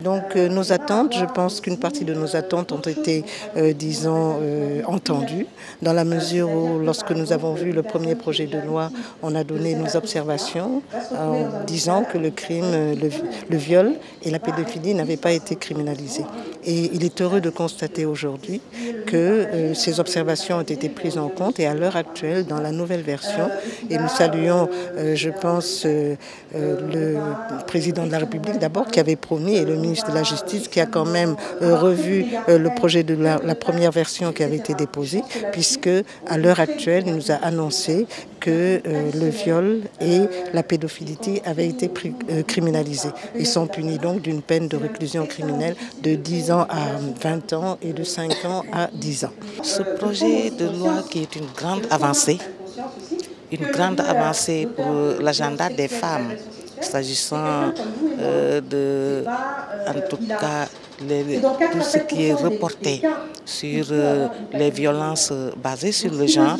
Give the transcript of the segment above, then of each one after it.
Donc euh, nos attentes, je pense qu'une partie de nos attentes ont été, euh, disons, euh, entendues, dans la mesure où lorsque nous avons vu le premier projet de loi, on a donné nos observations en disant que le crime, le viol et la pédophilie n'avaient pas été criminalisés. Et il est heureux de constater aujourd'hui que euh, ces observations ont été prises en compte et à l'heure actuelle, dans la nouvelle version, et nous saluons, euh, je pense, euh, le président de la République d'abord qui avait promis et le ministre de la Justice qui a quand même revu le projet de la, la, première version qui avait été déposée, puisque à l'heure actuelle, il nous a annoncé que euh, le viol et la pédophilité avaient été euh, criminalisés. Ils sont punis donc d'une peine de réclusion criminelle de 10 ans à 20 ans et de 5 ans à 10 ans. Ce projet de loi qui est une grande avancée, une grande avancée pour l'agenda des femmes s'agissant euh, de, en euh, tout cas, tout ce qui est reporté sur euh, les violences basées sur le genre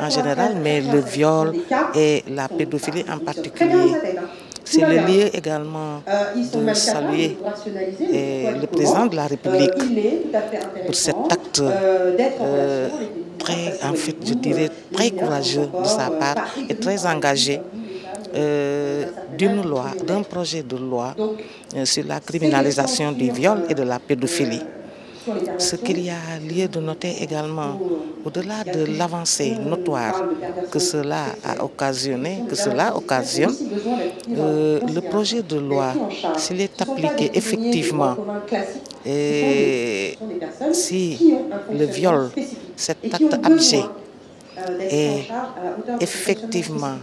en général, mais le viol et la pédophilie en particulier. Hein. C'est le lieu également de saluer le président de la République pour cet acte très, en fait, je dirais, très courageux de sa part et très hein, engagé euh, d'une loi, d'un projet de loi euh, sur la criminalisation du viol et de la pédophilie. Ce qu'il y a lieu de noter également, au-delà de l'avancée notoire que cela a occasionné, que cela occasionne, euh, le projet de loi, s'il est appliqué effectivement, et si le viol, cet acte et euh, effectivement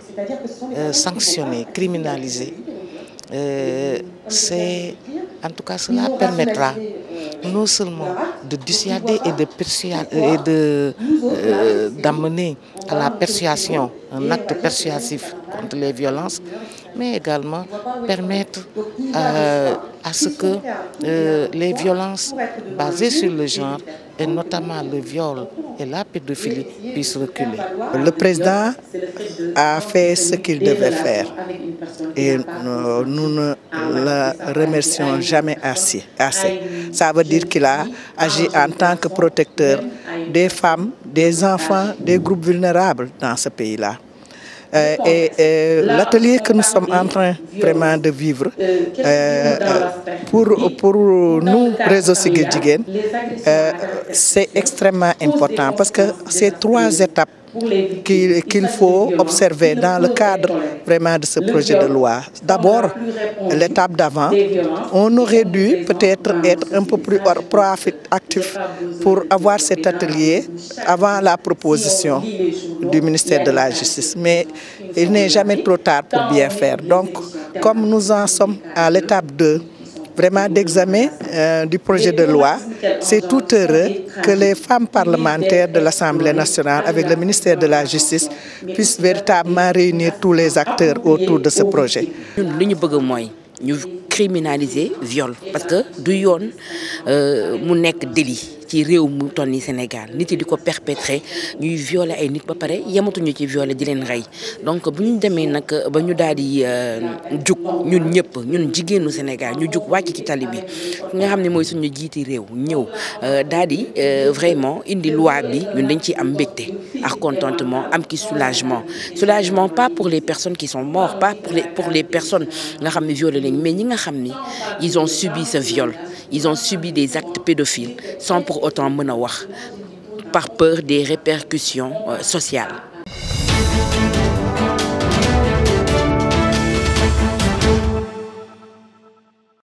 euh, sanctionné, criminalisé. Euh, c'est en tout cas, cela permettra non seulement de dissuader et de d'amener à la persuasion, un acte persuasif contre les violences, mais également permettre euh, à ce que euh, les violences basées sur le genre, et notamment le viol et la pédophilie, puissent reculer. Le président a fait ce qu'il devait faire et euh, nous ne le remercions jamais assez. Ça veut dire qu'il a agi en tant que protecteur des femmes, des enfants, des groupes vulnérables dans ce pays-là. Euh, et, euh, l'atelier que nous sommes en train vraiment de vivre, euh, pour, pour nous, Réseau Sigue c'est extrêmement important parce que ces trois étapes qu'il faut observer dans le cadre vraiment de ce projet de loi. D'abord, l'étape d'avant, on aurait dû peut-être être un peu plus proactif pour avoir cet atelier avant la proposition du ministère de la Justice. Mais il n'est jamais trop tard pour bien faire. Donc, comme nous en sommes à l'étape 2, vraiment d'examen euh, du projet de loi. C'est tout heureux que les femmes parlementaires de l'Assemblée nationale avec le ministère de la Justice puissent véritablement réunir tous les acteurs autour de ce projet criminaliser viol parce que du euh mu nek délit ci réew mu tonni Sénégal nit yi perpétrer ñuy violer ay nit ba yamatu ñu ci violer di donc euh, Sénégal ñu ci nga suñu euh, euh, vraiment indi loi bi ñun dañ am contentement am soulagement soulagement pas pour les personnes qui sont mortes pas pour les pour les personnes nga mais ñi ils ont subi ce viol ils ont subi des actes pédophiles sans pour autant mën par peur des répercussions euh, sociales